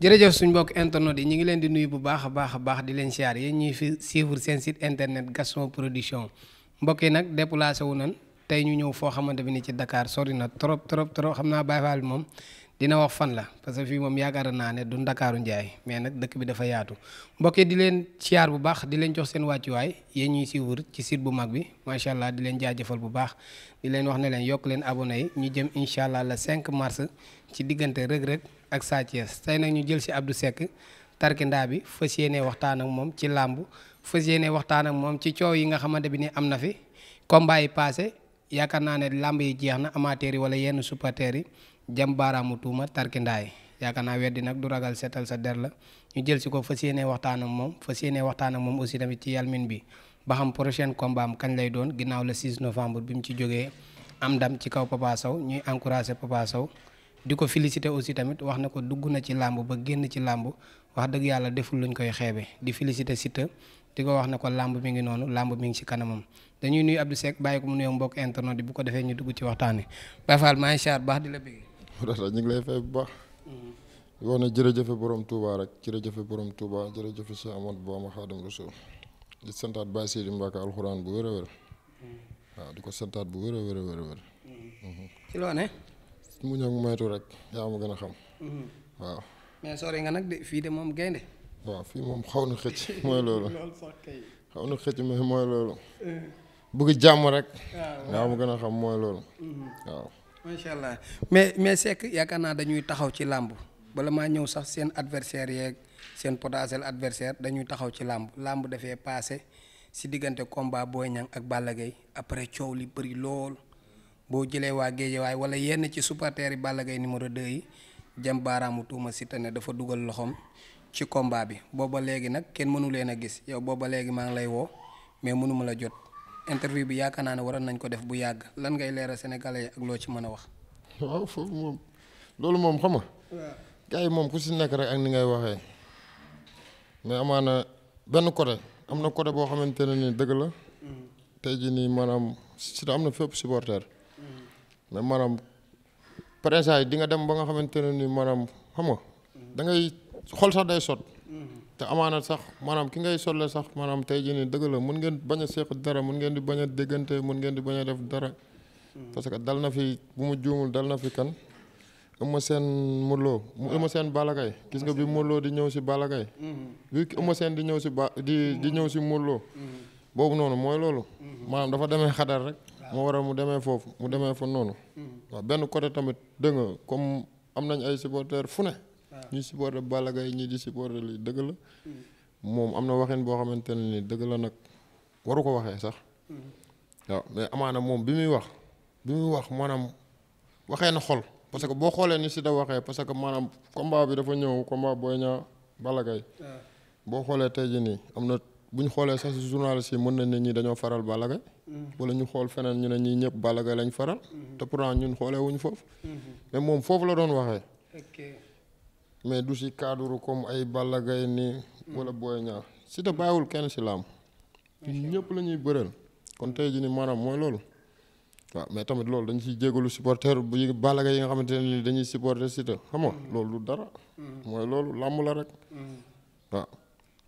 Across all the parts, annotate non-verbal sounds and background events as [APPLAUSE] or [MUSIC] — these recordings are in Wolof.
jërëjëf suñ mbokk internet yi ñu ngi leen di nuyu bu baax a baax a baax di leen siyaar yéen ñuy fi suivre seen site internet Gaston Production mbokk yi nag déplacé wu nan tey ñu ñëw foo xamante bi ni ci Dakar sori na trop trop trop xam naa Baye Fall moom dina wax fan la parce que fii moom yaakaar naa ne du Ndakaaru Njaay mais nag dëkk bi dafa yaatu mbokk yi di leen siyaar bu baax di leen jox seen wàccuwaay yéen ñuy suivre ci site bu mag bi macha allah di leen jaajëfal bu baax di leen wax ne leen yokk leen abonné ñu jëm incha allah le 5 mars ci diggante Reug Reug ak Sa Thiès tey nag ñu jël si Abdou Seck tarkindaa bi fës yéene waxtaan ak moom ci làmb fas yéene waxtaan ak moom ci coow yi nga xamante bi ni am na fi combat yi passé yaakaar naa ne làmb yi jeex na amateur yi wala yenn supporters yi jam baaraamu tuuma tarkindaa yi yaakaar naa weddi nag du ragal seetal sa der la ñu jël si ko fas yéene waxtaan ak moom fas yéene waxtaan ak moom aussi tamit ci yalmin bi ba xam prochaine combat kañ lay doon ginnaaw le 6 novembre bi mu ci jógee am ndam ci kaw Papa ñuy encouragé Papa di ko félicité aussi tamit wax na ko dugg na ci làmb ba génn ci làmb wax dëgg yàlla deful luñ koy xeebe di félicité Siteu di ko wax na ko làmb mi ngi noonu làmb mi ngi ci kanamam dañuy nuy Abdou Seck bàyyi ko mu nuyoo mbokk internet bi bu ko defee ñu dugg ci waxtaan wi Baye Fall maa ngi baax di la bëgg. ñu ngi lay fay bu baax. Mm-hmm. wax na jërëjëfe borom Touba rek jërëjëfe borom Touba jërëjëfe Cheikh Amadou Bamba Xaadimu Rasuul di santaat Baye Sidi Mbacke alxuraan bu wér a wér mm-hmm. waaw di ko santaat bu wér mm-hmm. mu ñëw moytu rek yaa a xam. Mhm. waaw. mais sori nga nag de fii de moom gaynde waaw fii moom xaw na xëcc [LAUGHS] mooy loolu. xaw na xëcc mais mooy loolu. Eh. bëgg jàmm rek. Ah, yaa ma gën a xam mooy loolu. Mhm. macha allah mais mais Seck yaakaar naa dañuy taxaw ci làmb bala maa ñëw sax seen adversaire yeeg seen potentiel adversaire dañuy taxaw ci làmb làmb dafee paase si diggante combat booy Niang ak Balla Gaye après coow li bëri lool. boo jëlee waa Géejawaay wala yenn ci supporters yi Balla Gaye numéro 2 yi jëm baaraamu tuuma Siteu ne dafa dugal loxoom ci combat bi booba léegi nag kenn mënu leen a gis yow booba léegi maa ngi lay woo mais mënuma la jot interview bi yaakaar naa ne waroon nañ ko def bu yàgg lan ngay leeral ak loo ci mën a wax. loolu moom xama nga. moom ku si nekk rek ak ni ngay waxee mais amaana benn côté am na côté boo xamante ne nii dëgg la. Mm-hmm. tey jii nii maanaam si am na fépp supporter mais maanaam présent yi di nga dem ba nga xamante ne ni maanaam xam nga da ngay xol sax day sot te amaana sax maanaam ki ngay solle sax maanaam tey jii nii dëgg la mun ngeen bañ a seq dara mun ngeen di bañ a déggante mun ngeen di bañ a def dara parce que dal na fi bu mu juumul dal na fi kan Eumeu Sène Modou Lô Eumeu Sène Balla Gaye gis nga bi Modou di ñëw si Balla Gaye mhm. bi Eumeu Sène di ñëw si ba di di ñëw si Modou Lô mhm. boobu noonu mooy loolu mhm. maanaam dafa demee xadar rek moo waral mu demee foofu mu demee fa noonu. Mm-hmm. waaw benn côté tamit dëgg comme am nañ ay supporteurs fu ne. ñi supporter Balla Gaye ñi di supporter lii dëgg la. Mm-hmm. moom am na waxin boo xamante ni dëgg la nag waru ko waxee sax. Mm-hmm. waaw mais amaana moom bi muy wax bi muy wax maanaam waxee na xol parce que boo xoolee ni si da waxee parce que maanaam combat bi dafa ñëw combat booy Niang Balla boo xoolee tey ji nii am na bu ñu xoolee sax si journaliste yi mën nañ ne ñi dañoo faral Balla Gaye wala ñu xool feneen ñu ne ñii ñëpp Balla Gaye lañ faral. te pourtant ñun xoolee wuñ foofu. mais moom foofu la doon waxee. mais du si cadre comme ay Balla Gaye nii. wala Boy Niang te bàyyiwul kenn si laam. ñëpp la ñuy bëreel. kon tey jii ni maanaam mooy loolu. waaw mais tamit loolu dañu ciy jégalu supporter bu Balla yi nga xamante ne nii dañuy supporter si te xam nga mm. loolu dara. Mm. mooy loolu làmb la rek. Mm. waaw.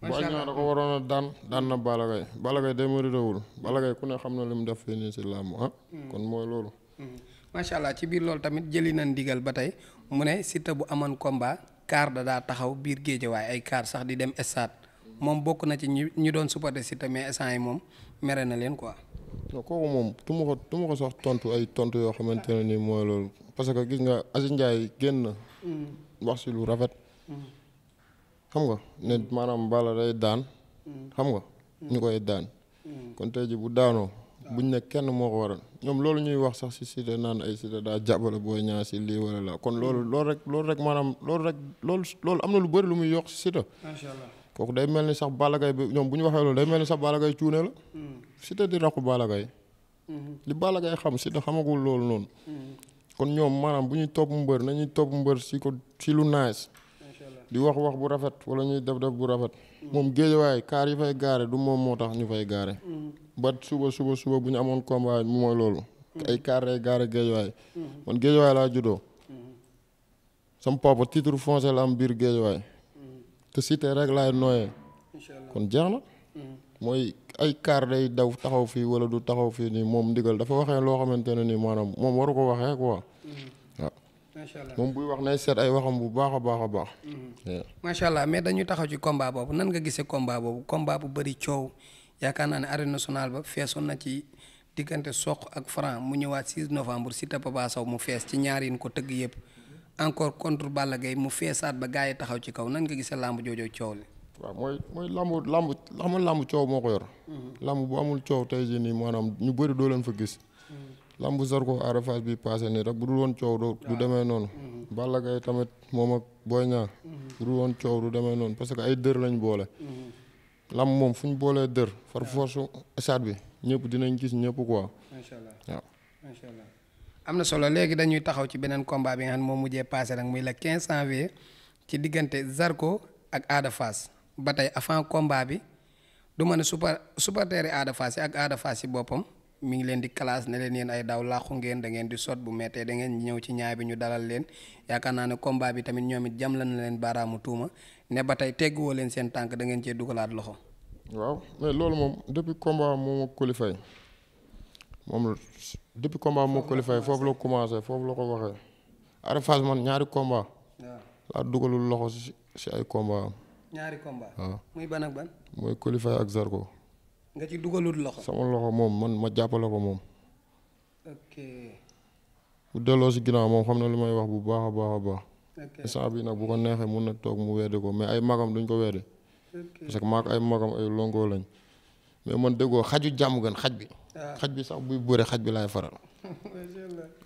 macha allah bu añaa daan daan na Balla Gaye Balla Gaye day méritéwul Balla ku ne xam na li mu def fii nii si làmb ah. Mm. kon mooy loolu. Mm. macha allah ci biir loolu tamit jëli na ndigal ba tey mu ne Siteu bu amoon combat kaar da daa taxaw biir géejawaay ay kaar sax di dem stade moom bokk na ci ñi ñi doon supporter Siteu mais instant yi moom mere na leen quoi. kooku moom tu ma ko tu ma ko sax tontu ay tontu yoo xamante ne nii mooy loolu parce que gis nga Aziz génn. Mm. wax si lu rafet. xam nga ne maanaam Balla day daan mm. xam nga mm. ñu koy daan mm. kon tey ji bu daanoo ah. buñ ne kenn moo ko waral ñoom loolu ñuy wax sax si Siteu naan ay Siteu daa jàppale booy Niang si lii wala la kon loolu loolu rek loolu rek maanaam loolu rek loolu loolu am na lu bari lu muy yokk si Siteu allah kooku day mel ni sax Balla Gaye bi ñoom bu ñu waxee loolu day mel ni sax Balla Gaye cuune la Siteu di raqu Balla Gaye mm-hmm. li Balla Gaye xam Siteu xamagul loolu noonu kon ñoom maanaam bu ñuy topp mbër nañuy topp mbër si ko si lu nice di wax wax bu rafet wala ñuy def def bu rafet. moom géejawaay kaar yi fay gaare du moom moo tax ñu fay gaare. bat suba suba suba bu ñu amoon combat mu mooy loolu. ay kaar lay gaare géejawaay. man géejawaay laa juddoo. sam papa titre foncier la am biir géejawaay. te cité rek laay nooyee. kon jeex na. mooy ay kaar day daw taxaw fii wala du taxaw fii nii moom ndigal dafa waxee loo xamante ne nii maanaam moom waru ko waxee quoi. macha allah moom buy wax nay seet ay waxam bu baax a baax a baax. Mm-hmm. macha mais dañuy taxaw ci combat boobu nan nga gisee combat boobu combat bu bari coow yaakaar naa ne arène nationale ba feesoon na ci diggante Sokh ak Franc mu ñëwaat 6 novembre Siteu Papa Sow mu fees ci ñaar yin ko tëgg yëpp encore contre Balla gay mu feesaat ba gars yi taxaw ci kaw nan nga gisee làmb joojoo coow li. waaw mooy mooy làmb làmb xamal làmb coow moo ko yor. Mm-hmm. làmb bu amul coow tey jii nii maanaam ñu bëri doo leen fa lambu Zarko Ada Fass bi passé nii rek bu dul woon coow du demee noonu. Mm-hmm. Balla Gaye tamit moom ak Boy Niang. Mm-hmm. bu dul woon coow du demee noonu parce que ay dër lañ boole. Mm-hmm. lamb moom fu ñu boolee dër far su stade bi ñëpp dinañ gis ñëpp quoi. macha allah am na solo léegi dañuy taxaw ci beneen combat bi nga xam ne moom mujjee passé nag muy le 15 janvier ci diggante Zarko ak Ada Fass ba tey avant combat bi du ma ne super supporter Ada yi ak Ada Fass yi boppam. mi ngi leen di classe ne leen yéen ay daaw làqu ngeen da ngeen di sot bu mettee da ngeen ñëw ci ñaay bi ñu dalal leen yaakaar naa ne komba bi tamit ñoom it jam la na leen baaraamu tuuma ne ba tey tegguwoo leen seen tànk da ngeen cee dugalaat loxo. waaw mais loolu moom depuis combat moom ak Coly Faye moom depuis foofu la commencé foofu la ko waxee. Ada Fass man ñaari combat. laa dugalul loxo si si ay combat am. ñaari combat. waaw muy ban ak ban. mooy Coly Faye ak Zarko. nga ci dugalul loxo. sama loxo moom man ma jàppale ko moom. ok. bu delloo si ginnaaw moom xam na lu may wax bu baax a baax a baax. ok instant bii nag bu ko neexee mun na toog mu wedde ko mais ay magam duñ ko wedde. parce que ay magam ay longo lañ. mais man déggoo xaju jàmm gën xaj bi. Ah. xaj bi sax buy bëre xaj bi laay faral. [LAUGHS]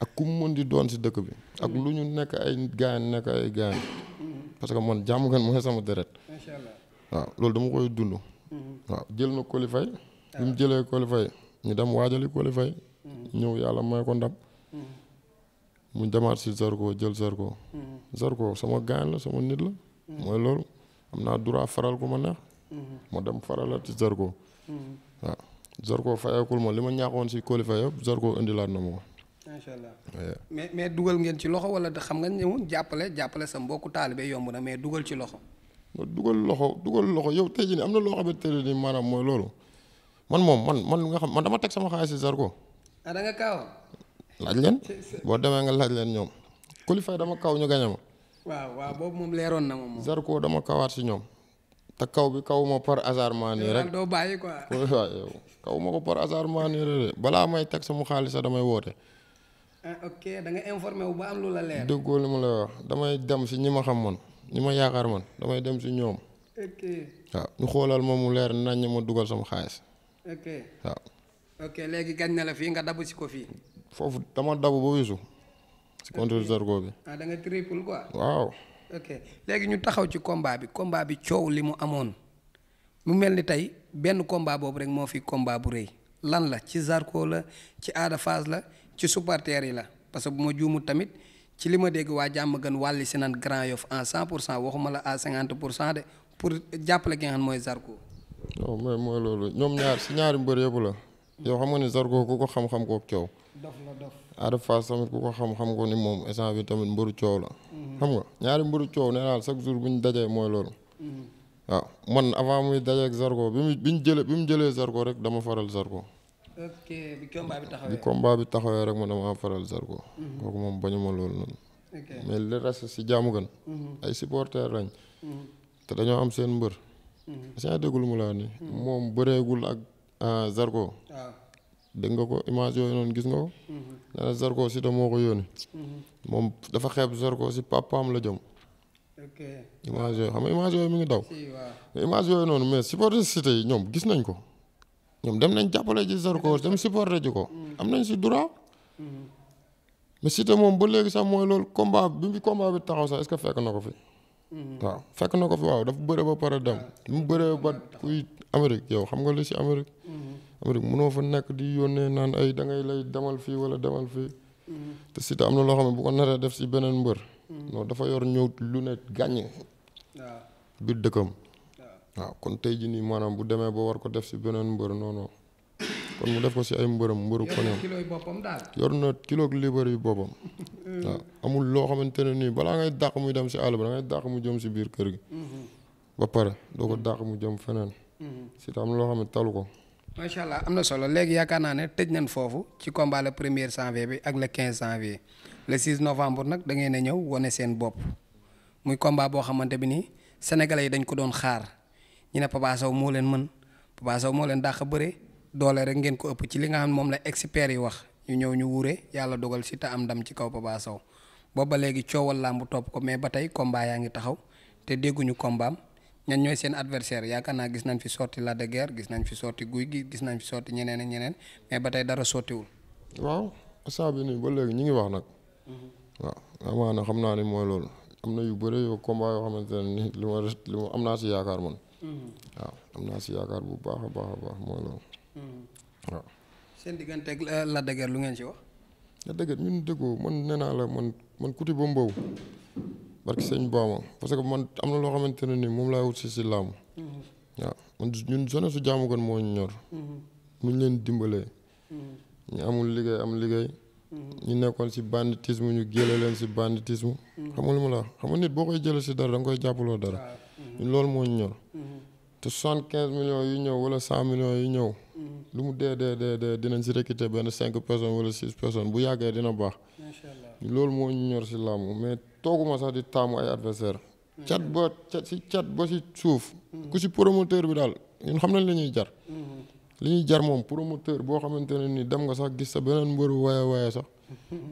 ak ku mën di doon si dëkk bi. ak lu ñu nekk ay gaañ nekk ay gaañ. Mm-hmm. parce que man jàmm gën mooy sama deret. waaw loolu dama koy dund. Mm-hmm. waaw jël na qualifié. Ah. bi mu jëlee qualifié ñu dem waajali qualifié. Mm-hmm. ñëw yàlla may ko ndam. Mm-hmm. mu demaat si Zarko jël Zarko. Zarko sama gaañ la sama nit la. mooy loolu am naa droit faral ku ma neex. ma dem faralaat ci Zarko. waaw Zarko fayakul ma li ma ñaaxoon si qualifié yëpp Zarko indilaat na ma ko. macha mais mais dugal ngeen ci loxo wala xam nga ñëwoon jàppale jàppale sa mbokku taalibe yomb na mais dugal ci loxo. nga dugal loxo dugal loxo yow tey nii am na loo xamante ne nii maanaam mooy loolu man moom man man nga xam man dama teg sama xaalis si Zarko. ah da nga kaaw. boo demee nga laaj leen ñoom. qualifié dama kaw ñu gañe waaw waaw boobu leeroon na moom. dama kawaat si ñoom. te kaw bi kaw ma par hasard maa rek doo bàyyi [LAUGHS] kaw ma ko par hasard maa nii rek balaa teg sama xaalis damay woote. ah ok da nga informé wu ba am lu la leer. déggoo li ma la wax damay dem si ñi ma xam man. ñi ma yaakaar man damay dem si ñoom. ok waaw ñu xoolal ma mu leer nañ ma dugal sama xaalis. waaw. léegi gañ na la fii nga dabu si ko fii. foofu dama dabu ba wisu. si contre bi. ah nga triple quoi. ñu taxaw ci combat bi combat bi coow li mu amoon mu mel ni tey benn combat boobu rek moo fi combat bu rëy lan la ci Zarko la ci aada Fass la ci supporters yi la parce que bu ma juumu tamit. ci li ma dégg waa jàmm gën wàlli si nan Grand Yoff a cent pour cent waxuma la a cinquante pour cent de pour jàppale ki xam mooy Zarko. non mooy loolu ñoom ñaar si ñaari mbër yëpp la. yow xam nga ni Zarko ku ko xam kook coow. dof la dof ko ni moom instant bi tamit mbëru coow la. xam nga ñaari mbëru coow nee naa chaque jour bu ñu dajee mooy loolu. Mhm. waaw man avant muy dajeeg Zarko bi mu bi ñu jëlee bi mu jëlee Zarko rek dama faral Zarko. ok bi combat bi taxawee bi bi taxawee rek ma damaa faral Zarko. Mhm. kooku moom bañu ma loolu noonu. mais li reste si jaamu gan. Mhm. ay supporters lañ. Mhm. te dañoo am seen mbër. sëñ déggul mu laa ni. moom bëreegul ak ah, Zarko. waaw ah. dégg nga ko image yooyu noonu gis nga ko. nee na Zarko moo ko yónni. moom dafa xeeb Zarko si papaam la jëm. ok image yooyu xam nga image yooyu mi ngi daw. image yooyu noonu mais supporters Siteu yi ñoom gis nañ ko. ñoom dem nañ jàppale ji Zarko dem supporté ji ko. Mm. am nañ si droit. Mm-hmm. mais Siteu moom ba léegi sax mooy loolu combat bi bi combat bi taxaw sax est-ce fekk na ko fi. Mm-hmm. waaw fekk na ko fi waaw dafa bëre ba pare dem. Mm-hmm. mu bëree ba kuy Amérique yow xam nga li si Amérique. Amérique mënoo fa nekk di yónnee naan ay da ngay lay demal fii wala demal fii. te Siteu am na loo xam ne bu ko naree def si beneen mbër. non dafa yor ñëw lu ne gàññe. biir dëkkam. waaw kon tey jii nii maanaam bu demee ba war ko def si beneen mbër noonu kon mu def ko si ay mbërëm mbëru koneem yor na kilo libar yu boppam mm-hmm. waaw amul loo xamante ne nii balaa ngay dàq muy dem si àll ba da ngay dàq mu jëm si biir kër gi mm-hmm. ba pare doo ko mm-hmm. dàq mu jëm feneen si tam loo xam ne talu ko macha allah am na solo léegi yaakaar naa ne tëj nañ foofu ci combat le premier janvier bi ak le quinze janvier le 6 novembre nag da ngeen a ñëw wane seen bopp muy combat boo xamante bi nii sénégalais yi dañ ko doon xaar ñu ne Papa moo leen mën Papa Sow moo leen dàq bëre doole rek ngeen ko ëpp ci li nga xam ne moom la expert yi wax ñu ñëw ñu wuure yàlla dogal si te am ndam ci kaw Papa Sow booba léegi coowal làmb topp ko mais ba tey combat yaa ngi taxaw te dégguñu kombaam ñan ñooy seen adversaire yaakaar naa gis nañ fi sorti la de Guiers gis nañ fi sorti guy Gui gis nañ fi sorti ñeneen ñeneen mais ba tey dara sottiwul. waaw saa bi nii ba léegi ñu ngi wax nag. Mhm. waaw xam naa ne mooy loolu na yu bëre yoo combat yoo xamante ne li ma li waaw am naa si yaakaar bu baax a baax a baax mooy loolu. Mm-hmm. waaw. seen diggante ak eh, lu ngeen si wax. Lac de ñun déggoo man nee naa la man man kuti ba mboobu barki sëñ Baama parce que man am na loo xamante ne ni moom laa wut si si làmb. Mm-hmm. waaw man ñun zone kon moo ñor. Mm-hmm. mu ñu leen dimbalee. ñu amul liggéey am liggéey. ñu nekkoon si banditisme ñu géele leen si banditisme. xam nga lu ma la xam nga nit boo koy jëlee si dara da koy jàppaloo dara. ñun loolu moo ñu ñor. te soixante quinze millions yu ñëw wala cent millions yu ñëw. lu mu dee dee dee dee dinañ si recruter benn cinq personnes wala six personnes bu yàggee dina baax. macha allah loolu moo ñu ñor si làmb mais tooguma sax di taamu ay adversaire cat ba cat si cat ba si suuf. ku si promoteur bi daal ñun xam nañ li ñuy jar. li ñuy jar moom promoteur boo xamante ne ni dem nga sax gis sa beneen mbër waaye waaye sax.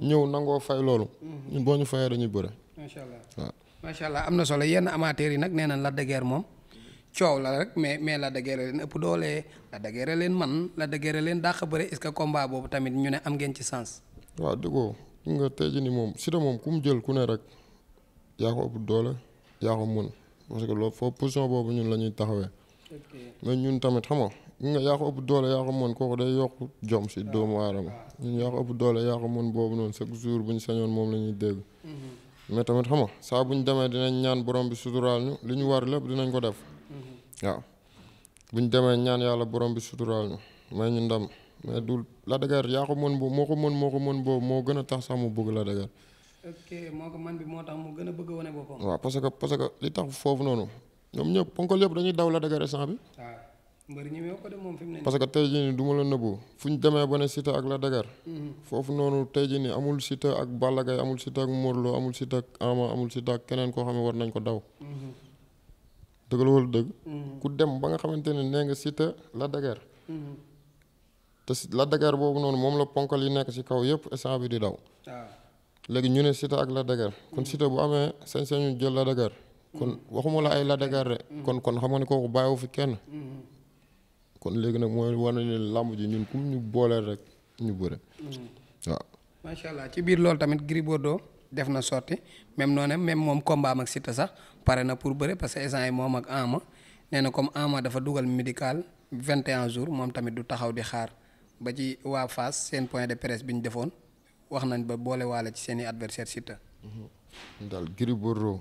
ñëw nangoo fay loolu. ñun boo ñu fayee dañuy bëre. macha allah waaw macha allah am na solo yenn amateurs yi nag nee nañ la dëgër moom. coow la rek mais mais la daggéere leen ëpp doole la daggéere leen man la daggéere leen dàq bëre est-ce que combat boobu tamit ñu ne am ngeen ci sens. waaw dëggoo nga tey jii ni moom si moom ku mu jël ku ne rek yaa ko doole yaa ko mën parce que ñun la ñuy taxawee. mais ñun tamit xam nga nga yaa ko ëpp doole yaa ko mën kooku day yokk jom si doomu aadama ñun yaa ko ëpp doole yaa ko mën boobu noonu chaque jour bu ñu sañoon moom la ñuy dégg. Mhm. mais tamit xam nga bu ñu demee dinañ ñaan borom bi suturaal ñu li ñu war lépp dinañ ko def. waaw bu ñu demee ñaan yàlla borom bi suturaal ñu may ñu ndam mais du la dëgër yaa ko mën moo ko mën moo ko mën boobu moo gën a tax sax mu bëgg la dëgër. ok moo ko mën bi moo tax mu gën a bëgg wane que parce que li tax foofu noonu ñoom ñëpp ponkal yëpp dañuy daw la dëgër instant bi. waaw mbër ñëwee parce que tey jii nii du ma la nëbbu fu ñu demee ba ne Siteu ak la dëgër. Mm-hmm. foofu noonu tey jii nii amul Siteu ak Balla Gaye amul Siteu ak Modou Lo amul Siteu ak Ama amul Siteu ak keneen koo xam ne war nañ ko daw. Mm-hmm. dëgg la wala dëgg. Mm. ku dem ba nga xamante ne nee nga Siteu Lac de mm. te Lac de Guiers boobu noonu moom la ponkal yi nekk ci kaw yëpp instant bi di daw. Ah. léegi ñu ne Siteu ak Lac de mm. kon Siteu bu amee sañ-sañu jël Lac de Guiers. kon waxuma la ay Lac de kon kon xam nga ne kooku bàyyiwu fi kenn. kon léegi nag mooy wane ne làmb ji ñun kum ñu booleel rek ñu bëre. waaw. macha allah ci biir loolu tamit Gris Bordeaux def na sorti même noonu même moom combat am ak Siteu sax. pare na pour bëre parce que instant yi moom ak Ama nee na comme Ama dafa dugal médical 21 jours moom tamit du taxaw di xaar ba ci waa fas seen point de presse bi ñu defoon wax nañ ba boole waale ci seen i adversaire Siteu. Mhm. daal Gris Bordeaux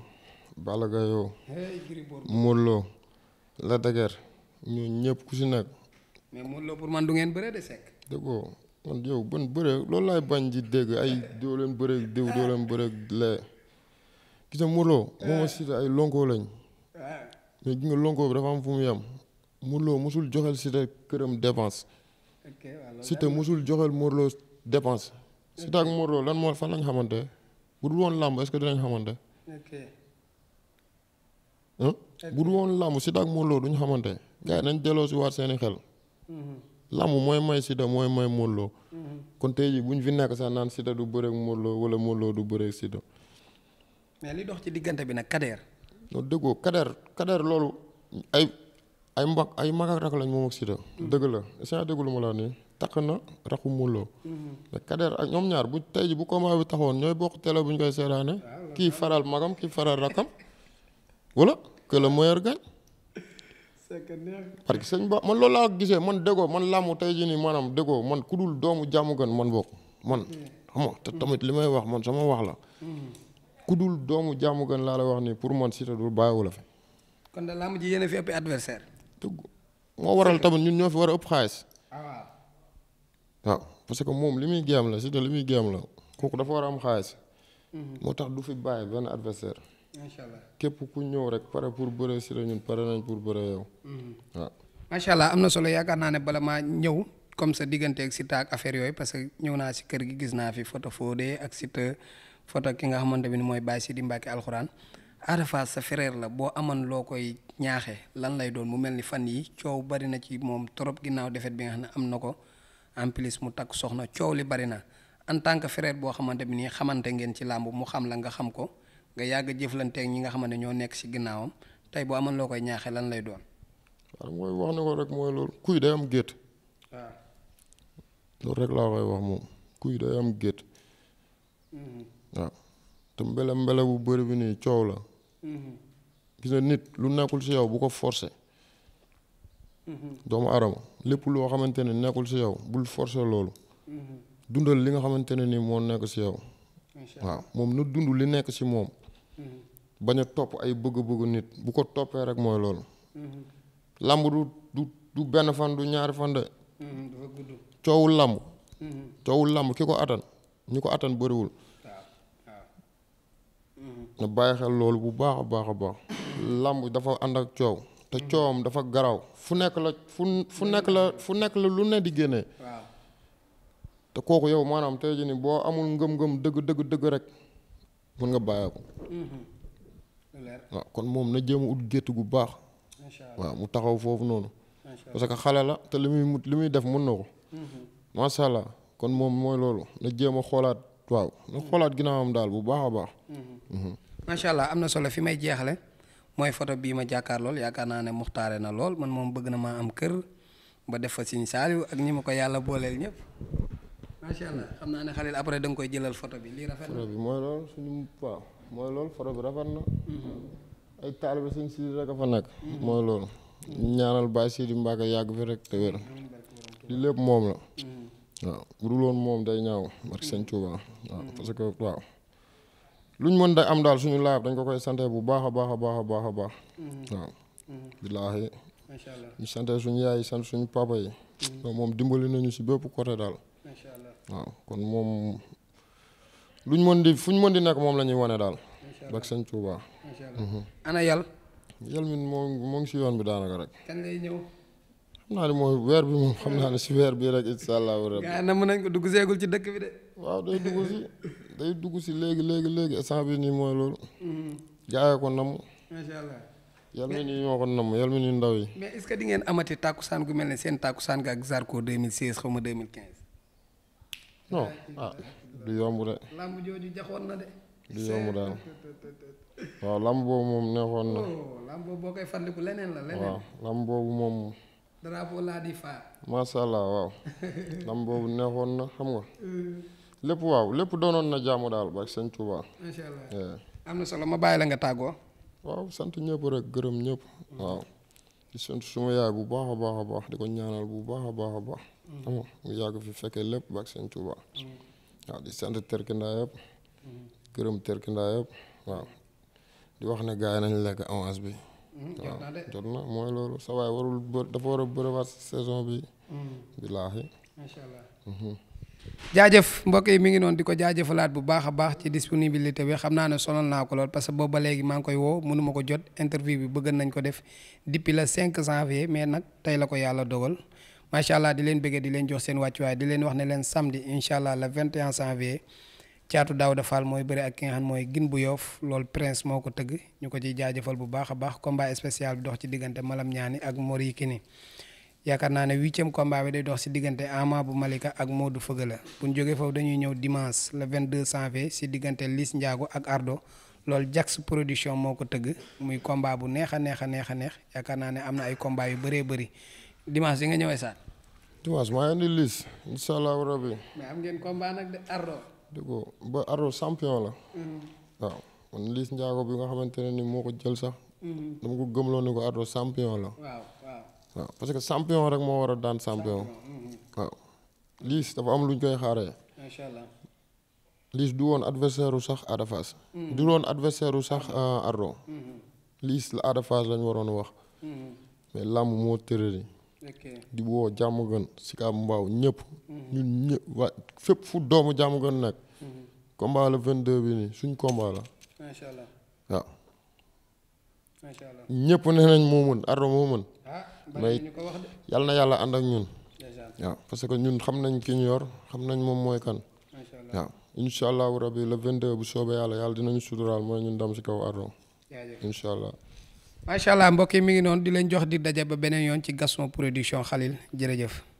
Balla Gaye Modou Lô Lac ñëpp ku si nekk. mais Modou Lô pour man du ngeen bëre de sec. dëggoo man yow ban bëre loolu laay bañ di dégg ay doo leen bëre diw doo leen bëre lee. gis nga Modou Lo moom Siteu eh. ay lonko lañ eh. mais gis nga lonko bi dafa am fu mu yem Modou mosul joxel Siteu këram dépense Siteu mosul joxel Modou Lo dépense Siteu ak Modou lan moo fan lañ xamante bu dul woon làmb est-ce que dinañ xamante bu woon làmb Siteu ak Modou Lo duñ xamante gars yi nañ delloo si waat seeni xel mhm. làmb mooy may Siteu mooy may mooloo mhm. kon tey jii buñ fi nekk sax naan Siteu du bëreeg Modou Lo wala Modou du bëreeg Siteu mais li dox ci diggante bi nag Kader. non déggoo Kader Kader loolu ay ay mbokk ay mag ak rak lañ moom ak mm-hmm. dëgg la saa déglu ma la nii takk na raku Modou Lo. Mm-hmm. ak ñoom ñaar bu tey ji bu combat bi taxawoon ñooy bokk télé bu ñu koy seetaane. Ah, kii faral magam kii faral rakam wala que le meilleur gagne. parce que sëñ Ba man loolu laa gisee man déggoo man làmb tey jii nii maanaam déggoo man ku dul doomu jàmm gën man bokk man. Mm. xam nga te tamit li may wax man sama wax la. Mm. ku dul doomu jàmmu gën laa la wax ni pour man Siteu du bàyyiwu la fi. kon da laa mujj yéen a fi ëpp adversaire. moo waral tamit ñun ñoo fi war a ëpp xaalis. Ah, waaw parce que moom li muy géem la Siteu li muy géem la kooku dafa war a am xaalis. Mhm. moo tax du fi bàyyi benn adversaire. macha allah képp ku ñëw rek pare pour bëre Siteu ñun pare nañ pour bëre yow. Mhm. waaw. macha allah am na solo yaakaar naa ne bala maa ñëw. comme sa diggante ak Siteu ak affaire yooyu parce que ñëw naa si kër gi gis naa fi photo Fodé photo ki nga xamante ni mooy Baye Sidi Mbacke alxuraan Ada Fass sa frère la boo amoon loo koy ñaaxee lan lay doon mu mel ni fan yi coow bari na ci moom trop ginnaaw defet bi nga xam ne am na ko en plus mu takk soxna coow li bari na en tant que frère boo xamante bi nii xamante ngeen ci làmb mu xam la nga xam ko nga yàgg a jëflanteeg ñi nga xamante ñoo nekk ci ginnaawam tey boo amoon loo koy ñaaxee lan lay doon. waaw mooy wax ne ko rek mooy loolu kuy day am gétt. waaw te mbele mbele bu bi nii coow la. Mhm. gis nit lu nekkul si yow bu ko forcer. Mhm. doomu aadama lépp loo xamante ne nekkul si yow bul forcer loolu. Mhm. dundal li nga xamante ne ni moo nekk si yow. waaw moom na dund li nekk si moom. bañ a topp ay bëgg-bëggu nit bu ko toppee rek mooy loolu. lamb du du benn fan du ñaari fan de. coowul lamb. coowul lamb ki ko attan ñi ko attan bariwul nga bàyyi xel loolu bu baax a baax a baax. làmb dafa ànd ak coow. te coowam dafa garaw fu nekk la fu fu nekk la fu nekk la lu ne di génnee. waaw te kooku yow maanaam te jii boo amul ngëm-ngëm dëgg dëgg dëgg rek mun nga bàyyeeku ko. Mm-hmm. kon moom na jéem ut gétt gu baax. waaw mu taxaw foofu noonu. parce que xale la te li muy li muy def mun na ko. Mm-hmm. macha allah kon moom mooy loolu na jéem a xoolaat. waaw ñu xoolaat ginnaawam daal bu baax a baax. Mm-hmm. macha allah am na solo fi may jeexale mooy foto bii ma jàkkaar lool yaakaar naa ne muxtaare na lool man moom bëgg na maa am kër ba def fa siñ Saaliw ak ñi ma ko yàlla booleel ñëpp macha allah xam naa ne Xalil après da koy jëlal photo bi lii rafet bi mooy loolu suñu waaw mooy loolu photo bi rafet na. Mm-hmm. ay taalibe Sëñ si rek a fa nekk. Mm-hmm. mooy loolu. ñaanal Baay Sidi Mbacke yàgg fi rek te wér. li lépp moom la. waaw budul woon moom day ñaaw barke sëñ Tuuba waaw parce que waaw luñ mën day am daal suñu laaj dañ ko koy sante bu baax a baax a baax a baax a baax waaw billaahi macha allah ñu sante suñu yaay yi sant suñu papa yi mm-hmm. moom dimbali nañu si bépp côté daal waaw kon moom luñ mën di fuñ mën di nekk moom la ñuy wane daal barke sëñ Tuuba mm-hmm. ana yàl moo ngi si yoon bi daanaka rek xam naa ne mooy weer bi moom xam naa ne si weer bii rek incha allahu rabbi. gaa namm nañ ko dugg seegul ci dëkk bi de. waaw day dugg si [LAUGHS] day dugg si léegi léegi léegi instant bi nii mooy loolu. Mm-hmm. jaayee ko namm. macha allah yal mi nii ñoo ko namm yal mi nii ndaw yi. mais est-ce que di ngeen amati tàkkusaan gu mel ne seen tàkkusaan ga ak Zarko 2016 xaw ma 2015. non ah du yomb de. lamb jooju jaxoon na de. du yomb daal waaw lamb boobu moom neexoon na. Oh, lamb boobu boo koy fàttaliku leneen la leneen. waaw lamb boobu moom. drapeau laa di faa. macha allah waaw. [LAUGHS] ndam neexoon na xam nga. Mm. lépp waaw lépp doonoon na jaamu daal ba sëñ Tuuba. macha allah am na solo ma bàyyi la nga tàggoo. waaw sant ñëpp rek gërëm ñëpp. waaw di sant suma yaay bu baax a lépp ba sëñ Tuuba. Mm. di sant terkindaa yëpp. Mm. gërëm terkindaa yëpp waaw. di wax ne gars yi nañ lekk avance bi. jot na mooy loolu sa warul bë dafa war a bëriwaat saison bi. Mm. bilaahi. macha allah. Mm-hmm. jaajëf mbokk yi mi ngi noonu di ko jaajëfalaat bu baax a baax ci disponibilité bi xam naa ne sonal naa ko lool parce que boobu ba léegi maa ngi koy woo mënuma ko jot interview bi bëgg nañ ko def depuis le 5 janvier mais nag tey la ko yàlla dogal macha allah di leen bëggee di leen jox seen wàccuwaay di leen wax ne leen samedi incha allah le 21 janvier. caatu Daouda Fall mooy bëri ak ki mooy gin bu yoof loolu prince moo ko tëgg ñu ko ciy jaajëfal bu baax a baax combat spécial bi dox ci diggante Malam Ñaani ak Mori Kini yaakaar naa ne huitième combat bi day si diggante Ama bu Malika ak Ardo loolu Jax production moo ko tëgg muy combat bu neex a neex a neex a neex yaakaar naa ne am na ay combat yu bëree bëri dimanche yi nga ñëwee saat dimanche maa ngi andi Liss incha allahu rabi. mais am ngeen combat nag de Ardo. di ko ba Ardo champion la. Mm-hmm. waaw man Liss Ndiago bi nga xamante ne ni moo ko jël sax. Mm-hmm. dama ko gëmloo ni ko Ardo champion la. waaw parce que champion rek moo war a daan champion. Mm-hmm. waaw Liss dafa am luñ koy xaaree. macha du woon adversaire u sax Ada Fass. sax euh, Ardo. Liss la Ada Fass lañ waroon wax. mais làmb moo tërëri. di woo jàmm gën si kaa mbaaw ñëpp. ñun ñëpp waa fépp fu doomu jàmm gën nekk. combat la 22 bi nii suñ combat la. allah waaw. Ah. macha allah ñëpp nee nañ moo mën Ardo moo mën. Ah, mais yal na yàlla ànd ak ñun. waaw ah, parce que ñun xam nañ ki ñu yor xam nañ moom mooy kan. waaw incha allahu rabi le 22 bu soobee yàlla yàlla dinañu suturaal mooy ñun dam si kaw Ardo. incha allah. macha allah mbokk yi mi ngi noonu di leen jox di daje ba beneen yoon ci Gaston Production xalil jërëjëf.